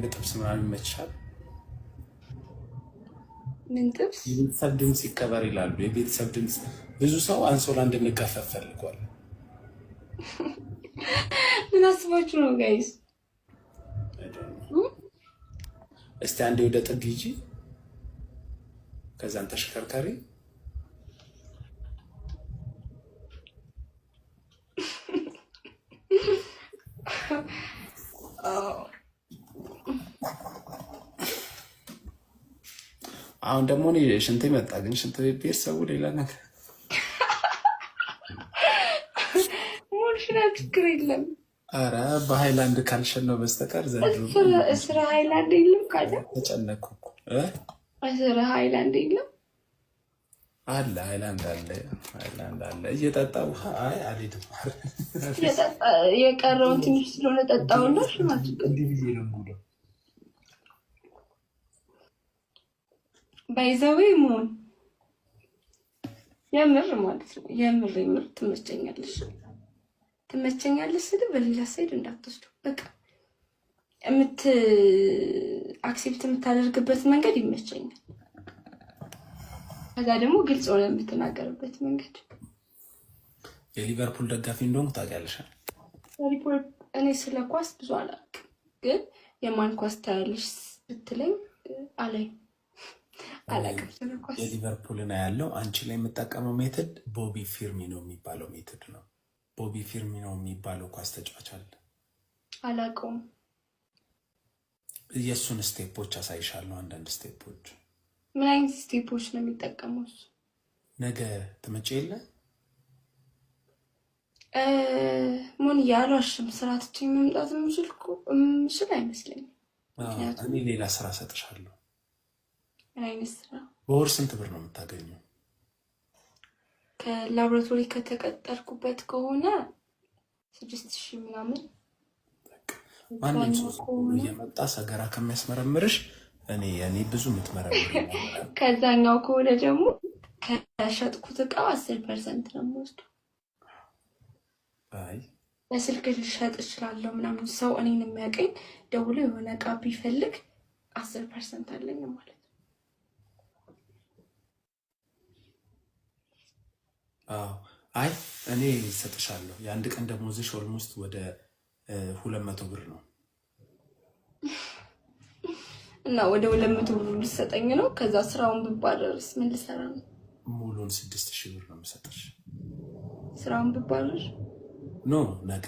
ግን ጥብስ ምናምን ይመችሻል? ምን ጥብስ? የቤተሰብ ድምፅ ይከበር ይላሉ። የቤተሰብ ድምፅ ብዙ ሰው አንሶላ እንድንቀፈፍ ፈልጓል። ምን አስባችሁ ነው ጋይስ? እስቲ አንዴ ወደ ጥግ ሂጂ፣ ከዛን ተሽከርካሪ Oh. አሁን ደግሞ ሽንት መጣ። ግን ሽንት ቤት ሰው ሌላ ነገር ሞሽናል ችግር የለም። አረ በሃይላንድ ካልሸን ነው በስተቀር ዘእስራ ሃይላንድ የለም ካለ ተጨነኩ። እስራ ሃይላንድ የለም አለ ሃይላንድ አለ ሃይላንድ አለ። እየጠጣ ውሃ አይ አልሄድም። የቀረውን ትንሽ ስለሆነ ጠጣውና ሽማ እንዲህ ብዬ ነው ባይዘዌ መሆን የምር ማለት ነው። የምር የምር ትመቸኛለሽ ትመቸኛለሽ ስል በሌላ ሳይድ እንዳትወስዱ። በቃ የምት አክሴፕት የምታደርግበት መንገድ ይመቸኛል። ከዛ ደግሞ ግልጽ ሆነ የምትናገርበት መንገድ። የሊቨርፑል ደጋፊ እንደሆንኩ ታውቂያለሽ። እኔ ስለ ኳስ ብዙ አላውቅም፣ ግን የማን ኳስ ታያለሽ ብትለኝ የሊቨርፑልን ያለው አንቺ ላይ የምጠቀመው ሜትድ ቦቢ ፊርሚኖ የሚባለው ሜትድ ነው። ቦቢ ፊርሚኖ የሚባለው ኳስ ተጫዋች አለ። አላውቀውም። የእሱን ስቴፖች አሳይሻለሁ። አንዳንድ ስቴፖች። ምን አይነት ስቴፖች ነው የሚጠቀመው? ነገ ትመጪ የለ ሞን ያሏሽም ስራ ትቼ መምጣት የምችል አይመስለኝም። እኔ ሌላ ስራ ሰጥሻለሁ። በወር ስንት ብር ነው የምታገኘው? ከላብራቶሪ ከተቀጠርኩበት ከሆነ ስድስት ሺ ምናምን። ማንም ሰው እየመጣ ሰገራ ከሚያስመረምርሽ እኔ እኔ ብዙ የምትመረምር ከዛኛው ከሆነ ደግሞ ከሸጥኩት እቃው አስር ፐርሰንት ነው የምወስደው። አይ በስልክ ልሸጥ እችላለሁ ምናምን ሰው እኔን የሚያቀኝ ደውሎ የሆነ እቃ ቢፈልግ አስር ፐርሰንት አለኝ ማለት ነው። አይ እኔ ይሰጥሻለሁ። የአንድ ቀን ደሞዝሽ ኦልሞስት ወደ ሁለት መቶ ብር ነው እና ወደ ሁለት መቶ ብር ልሰጠኝ ነው። ከዛ ስራውን ብባረርስ ምን ልሰራ ነው? ሙሉን ስድስት ሺህ ብር ነው የምሰጠሽ። ስራውን ብባረር ኖ ነገ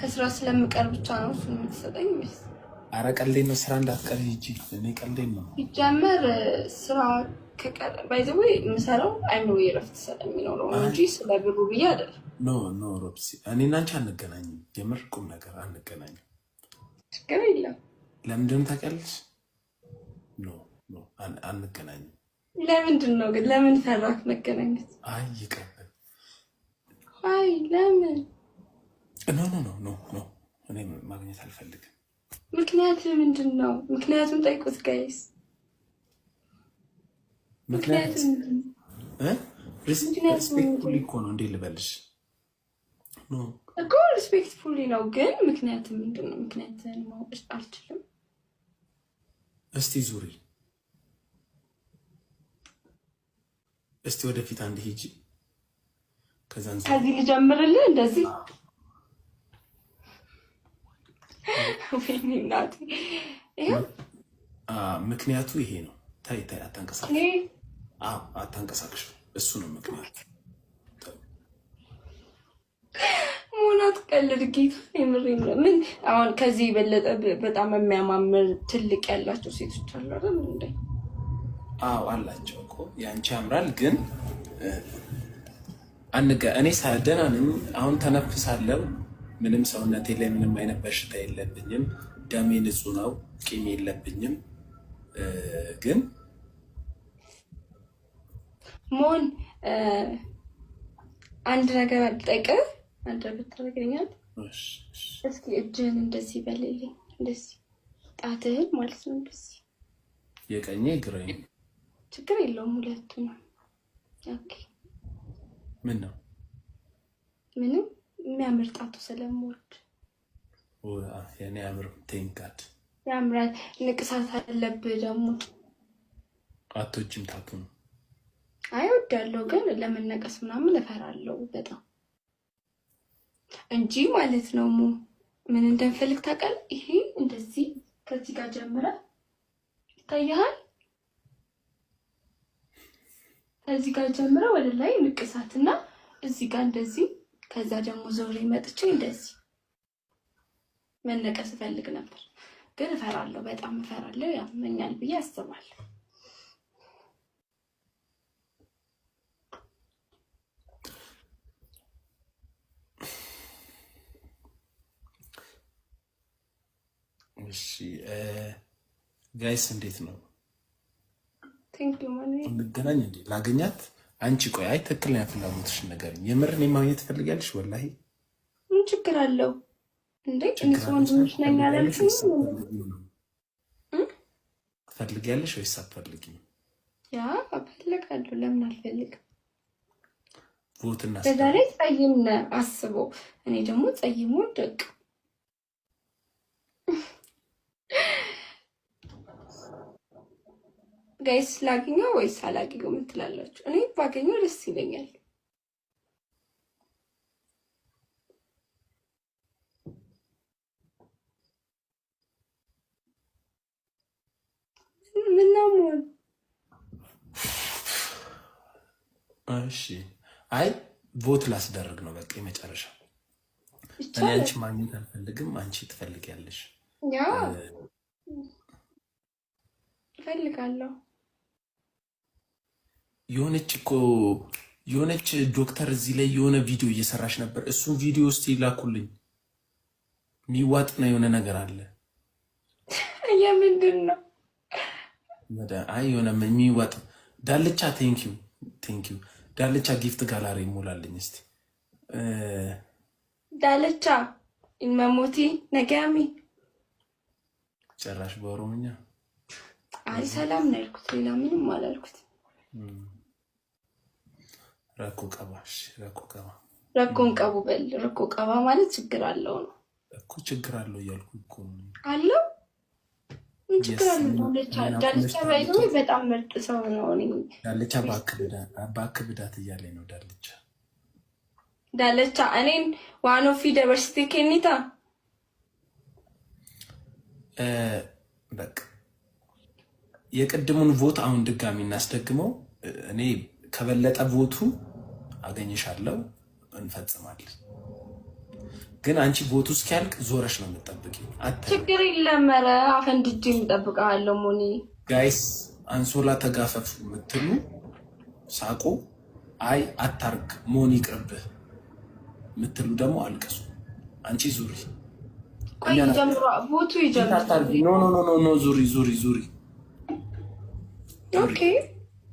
ከስራ ስለምቀር ብቻ ነው እሱ የምትሰጠኝ ወይስ? አረ ቀልዴን ነው። ስራ እንዳትቀር ሂጂ። እኔ ቀልዴን ነው ይጀምር ስራ ብዬ የምር ቁም ነገር አንገናኝም። ችግር የለም። ለምንድን ታውቂያለሽ? ኖ ኖ አንገናኝም። ለምንድን ነው ግን? ለምን መገናኘት? አይ ይቀበል። አይ ለምን? ኖ ኖ ኖ ኖ ኖ፣ እኔ ማግኘት አልፈልግም። ምክንያት ምንድን ነው? ምክንያቱም ጠይቁት ጋይስ ሪስፔክትፉሊ እኮ ነው እንዴ ልበልሽ እኮ ሪስፔክትፉሊ ነው፣ ግን ምክንያት ምንድን ነው? ምክንያት ማወቅ አልችልም። እስቲ ዙሪ፣ እስቲ ወደፊት አንድ ሂጂ። ከዚህ ልጀምርልህ እንደዚህ ምክንያቱ ይሄ ነው። ታይ ታይ፣ አታንቀሳቀስ አታንቀሳቅሽ። እሱ ነው ምክንያት። ሞናት ቀልድ ጌታ የምሬ ምን አሁን ከዚህ የበለጠ በጣም የሚያማምር ትልቅ ያላቸው ሴቶች አሉ አይደል? እንደ አዎ አላቸው እኮ ያንቺ ያምራል ግን አንገ እኔ ደህና ነኝ። አሁን ተነፍሳለሁ። ምንም ሰውነቴ ላይ ምንም አይነት በሽታ የለብኝም። ደሜ ንጹህ ነው። ቂም የለብኝም ግን መሆን አንድ ነገር አልጠቅም። አንድ ነገር ታደርገኛል። እስኪ እጅህን እንደዚህ በልልኝ፣ እንደዚህ ጣትህን ማለት ነው። እንደዚህ የቀኝ ግራ ችግር የለውም። ሁለቱ ነው። ኦኬ። ምን ነው ምንም የሚያምር ጣቱ ስለምወድ የኔ ያምር ቴንካድ ያምራል። ንቅሳት አለብህ ደግሞ አቶችም ታቱ ነው አይወዳለሁ ግን ለመነቀስ ምናምን እፈራለሁ በጣም እንጂ ማለት ነው። ሙ ምን እንደምፈልግ ታውቃለህ? ይሄ እንደዚህ ከዚህ ጋር ጀምረ ይታያል። ከዚህ ጋር ጀምረ ወደ ላይ እና እዚህ ጋር እንደዚህ፣ ከዛ ደግሞ ዞሬ መጥቼ እንደዚህ መነቀስ እፈልግ ነበር፣ ግን እፈራለሁ፣ በጣም እፈራለሁ። ያመኛል ብዬ አስባለሁ። እሺ ጋይስ እንዴት ነው? እንገናኝ እንዴ? ላገኛት አንቺ ቆይ፣ አይ ትክክለኛ ፍላጎትሽ ነገር የምር እኔን ማግኘት ትፈልጊያለሽ? ወላሂ ምን ችግር አለው እንዴ? እኔስ ወንድምሽ ነኝ አላልሽኝ? ትፈልጊያለሽ ወይስ አትፈልጊም? ያ እፈልጋለሁ። ለምን አልፈልግም? ቦትና ስለዛሬ ጸይም አስቦ እኔ ደግሞ ጸይም ወደቅ ጋይስ ላግኘው ወይስ አላግኘው ምትላላችሁ? እኔ ባገኘው ደስ ይለኛል። ምናምን እሺ። አይ ቮት ላስደርግ ነው በቃ የመጨረሻ። እኔ አንቺ ማግኘት አልፈልግም፣ አንቺ ትፈልጊያለሽ። ያ እፈልጋለሁ የሆነች እኮ የሆነች ዶክተር እዚህ ላይ የሆነ ቪዲዮ እየሰራች ነበር። እሱን ቪዲዮ ውስጥ ይላኩልኝ። የሚዋጥና የሆነ ነገር አለ። የምንድን ነው? አይ የሆነ የሚዋጥ ዳልቻ። ቴንኪው ቴንኪው። ዳልቻ ጊፍት ጋላሪ ይሞላልኝ እስቲ። ዳልቻ ኢንመሞቲ ነጋሚ ጨራሽ በኦሮምኛ። አይ ሰላም ነው ያልኩት፣ ሌላ ምንም አላልኩት። ረኮ ቀባ ረኮ ቀባ ረኮን ቀቡ በል ረኮ ቀባ ማለት ችግር አለው ነው እኮ ችግር አለው እያልኩ እኮ አለው ዳልቻ በጣም ምርጥ ሰው ነው። ዳልቻ በአክ ብዳት እያለ ነው ዳልቻ ዳለቻ እኔን ዋን ኦፍ ዩኒቨርሲቲ ኬኒታ በቃ የቅድሙን ቮት አሁን ድጋሚ እናስደግመው። እኔ ከበለጠ ቮቱ አገኘሻለሁ፣ እንፈጽማለን። ግን አንቺ ቦቱ እስኪያልቅ ዞረሽ ነው የምጠብቅ ችግር ይለመረ ኧረ አፈንድጄ ሞኒ ጋይስ አንሶላ ተጋፈፍ የምትሉ ሳቁ። አይ አታርግ ሞኒ ቅርብህ የምትሉ ደግሞ አልቅሱ። አንቺ ዙሪ ቦቱ ይጀምራል። ኖ ኖ ኖ ኖ ዙሪ ዙሪ ዙሪ ኦኬ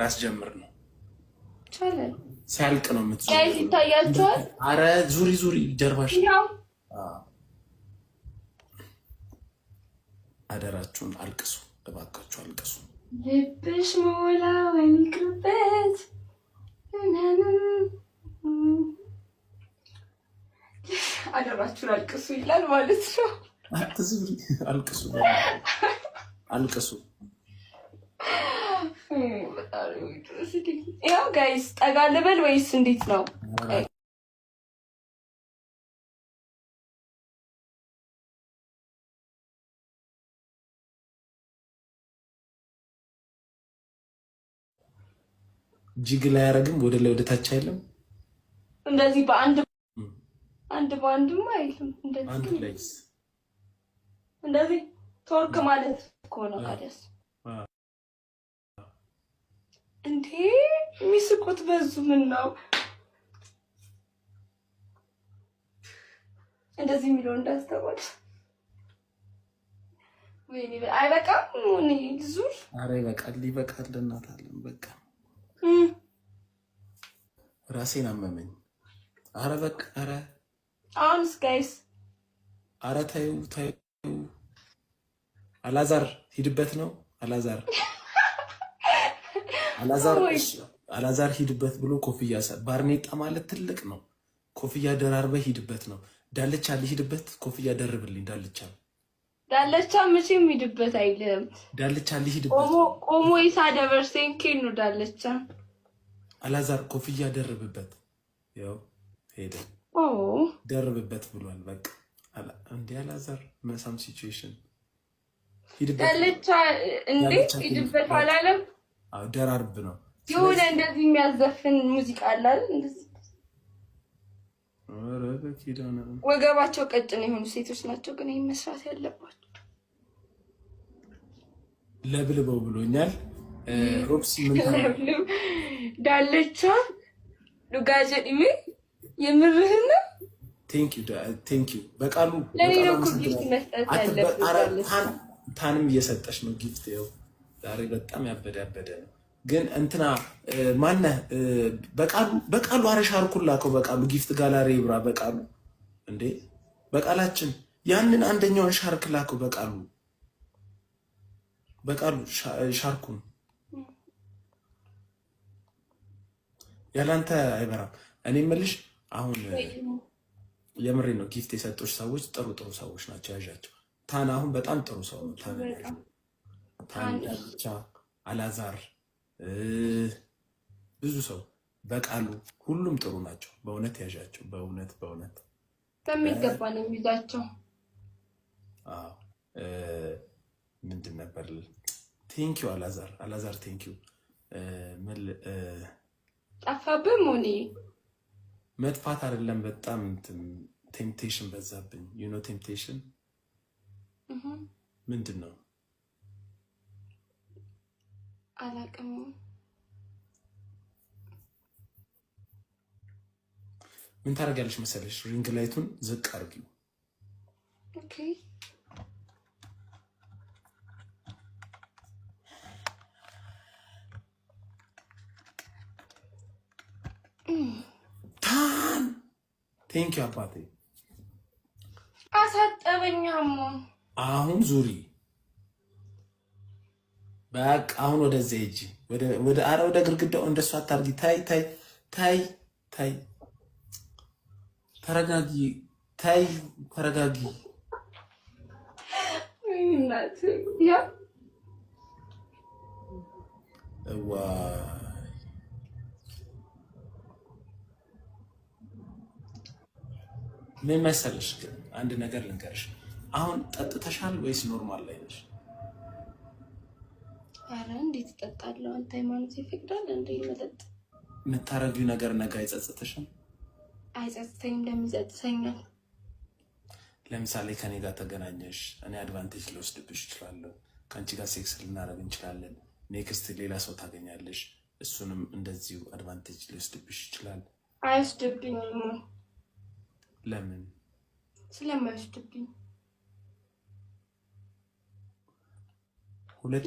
ራስ ጀምር ነው ሲያልቅ ነው የምትዙሪው። ይታያቸዋል። አረ ዙሪ ዙሪ፣ ጀርባሽ አደራችሁን። አልቅሱ እባካችሁ፣ አልቅሱ። ልብሽ ሞላ ወይሚቅርበት አደራችሁን አልቅሱ ይላል ማለት ነው። አልቅሱ አልቅሱ። ያው ጋይስ ጠጋ ልበል ወይስ እንዴት ነው? ጅግ ላይ አያረግም። ወደ ላይ ወደ ታች አይልም። እንደዚህ በአንድ አንድ በአንድም አይልም። እንደዚህ እንደዚህ ቶርክ ማለት እኮ ነው ታዲያስ እንዴ የሚስቁት በዙ። ምን ነው እንደዚህ የሚለው እንዳስተውል። ወይኔ አይበቃም። እኔ ልዙ አረ ይበቃል፣ ይበቃል። እናታለን በቃ ራሴን አመመኝ። አረ በቃ አረ አሁንስ ጋይስ አረ ታዩ ታዩ አላዛር ሂድበት ነው አላዛር አላዛር ሂድበት ብሎ ኮፍያ ባርኔጣ ማለት ትልቅ ነው። ኮፍያ ደራርበ ሂድበት ነው። ዳለቻ ልሂድበት ኮፍያ ደርብልኝ። ዳለቻ ዳለቻ መቼም ሂድበት አይልም። ዳለቻ ልሂድበት ቆሞ ይሳ ደበርሴን ኬን ነው ዳለቻ አላዛር ኮፍያ ደርብበት። ያው ሄደ ደርብበት ብሏል። በቃ እንዲ አላዛር መሳም ሲቹዌሽን ሂድበት ዳለቻ እንዴ ሂድበት አላለም ደራርብ ነው የሆነ እንደዚህ የሚያዘፍን ሙዚቃ አለ አይደል? እንደዚህ ወገባቸው ቀጭን የሆኑ ሴቶች ናቸው ግን ይህን መስራት ያለባቸው። ለብልበው ብሎኛል። ሮብስ ዳለቻ ዱጋጀ ዲሜ የምርህን በቃሉ ታንም እየሰጠች ነው ጊፍት ው ዛሬ በጣም ያበደ ያበደ ነው። ግን እንትና ማነህ በቃሉ በቃሉ አረሻርኩን ላከው። በቃሉ ጊፍት ጋላሪ ብራ በቃሉ እንዴ በቃላችን ያንን አንደኛውን ሻርክ ላከው። በቃሉ በቃሉ ሻርኩን ያላንተ አይበራም። እኔ መልሽ አሁን የምሬ ነው። ጊፍት የሰጡሽ ሰዎች ጥሩ ጥሩ ሰዎች ናቸው። ያዣቸው ታን አሁን በጣም ጥሩ ሰው ነው። ታንዳርቻ፣ አላዛር፣ ብዙ ሰው በቃሉ ሁሉም ጥሩ ናቸው። በእውነት ያዣቸው በእውነት በእውነት በሚገባ ነው የሚይዛቸው። ምንድን ነበር ቴንኪው አላዛር አላዛር ቴንኪው ጠፋብህ። ሞኔ መጥፋት አይደለም በጣም ቴምፕቴሽን በዛብኝ። ዩኖ ኖ ቴምፕቴሽን ምንድን ነው? አላቅመውም። ምን ታደርጊያለሽ መሰለሽ? ሪንግ ላይቱን ዝቅ አድርጊው። ኦኬ ታም ቴንኪው አባቴ አሳጠበኛ አሁን ዙሪ በቃ አሁን ወደዚያ እጅ ወደ አረ ወደ ግድግዳው እንደሱ አታርጊ። ታይ ታይ ታይ ታይ፣ ተረጋጊ። ታይ ተረጋጊ። ምን መሰለሽ፣ ግን አንድ ነገር ልንገርሽ። አሁን ጠጥተሻል ወይስ ኖርማል ላይ ነሽ? እንዴት እጠጣለሁ? አንተ ሃይማኖት ይፈቅዳል እንዴ መጠጥ? የምታረጊው ነገር ነገ አይጸጽትሽም? አይጸጽተኝም። ለምን ይጸጽተኛል? ለምሳሌ ከኔ ጋር ተገናኘሽ፣ እኔ አድቫንቴጅ ልወስድብሽ እችላለሁ። ከአንቺ ጋር ሴክስ ልናደርግ እንችላለን። ኔክስት ሌላ ሰው ታገኛለሽ፣ እሱንም እንደዚሁ አድቫንቴጅ ሊወስድብሽ ይችላል። አይወስድብኝም። ለምን? ስለማይወስድብኝ ሁለት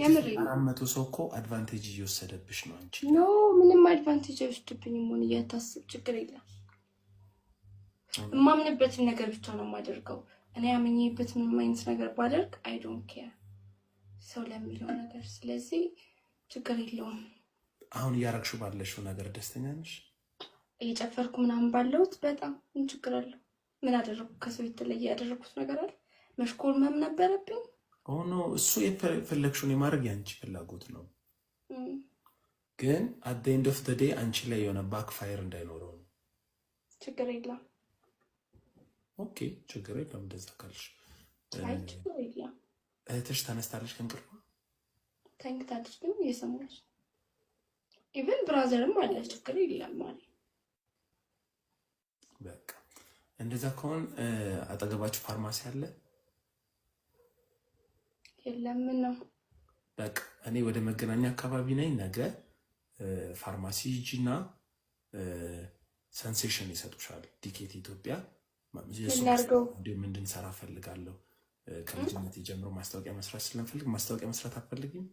ሰው እኮ አድቫንቴጅ እየወሰደብሽ ነው አንቺ። ኖ ምንም አድቫንቴጅ አይወስድብኝም። ሆን እያታስብ ችግር የለም። የማምንበትን ነገር ብቻ ነው የማደርገው። እኔ ያመኘበት ምንም አይነት ነገር ባደርግ አይ ዶንት ኬር ሰው ለሚለው ነገር። ስለዚህ ችግር የለውም። አሁን እያረግሹ ባለሽው ነገር ደስተኛ ነሽ? እየጨፈርኩ ምናምን ባለሁት በጣም ምን ችግር አለው? ምን አደረግኩ? ከሰው የተለየ ያደረግኩት ነገር አለ? መሽኮርመም ነበረብኝ? ሆኖ እሱ የፈለግሽውን የማድረግ የአንቺ ፍላጎት ነው። ግን አት ኤንድ ኦፍ ዘ ዴይ አንቺ ላይ የሆነ ባክፋየር እንዳይኖረው ነው። ችግር የለም። ኦኬ፣ ችግር የለም። እንደዛ ካልሽ እህትሽ ተነስታለች ከእንቅልፏ ተኝታለች፣ ግን እየሰማች ኢቨን ብራዘርም አለ። ችግር የለም ማለት በቃ እንደዛ ከሆን አጠገባችሁ ፋርማሲ አለ የለም ነው በቃ እኔ ወደ መገናኛ አካባቢ ነኝ። ነገ ፋርማሲ ሂጂ ሰንሴሽን ይሰጡሻል። ዲኬት ኢትዮጵያ እንድንሰራ ፈልጋለሁ። ከልጅነት የጀምሮ ማስታወቂያ መስራት ስለምፈልግ ማስታወቂያ መስራት አትፈልጊም?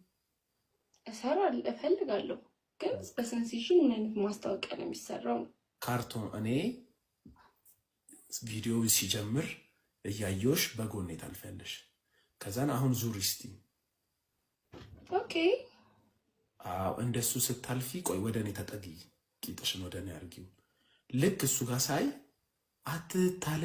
እሰራ እፈልጋለሁ፣ ግን በሰንሴሽን ምን አይነት ማስታወቂያ ነው የሚሰራው? ካርቶን እኔ ቪዲዮ ሲጀምር እያየሽ በጎን ታልፊያለሽ። ከዛን አሁን ዙር እስቲ ኦኬ። አዎ እንደሱ ስታልፊ፣ ቆይ ወደ እኔ ተጠጊ፣ ቂጥሽን ወደ እኔ አርጊው። ልክ እሱ ጋር ሳይ አትታለ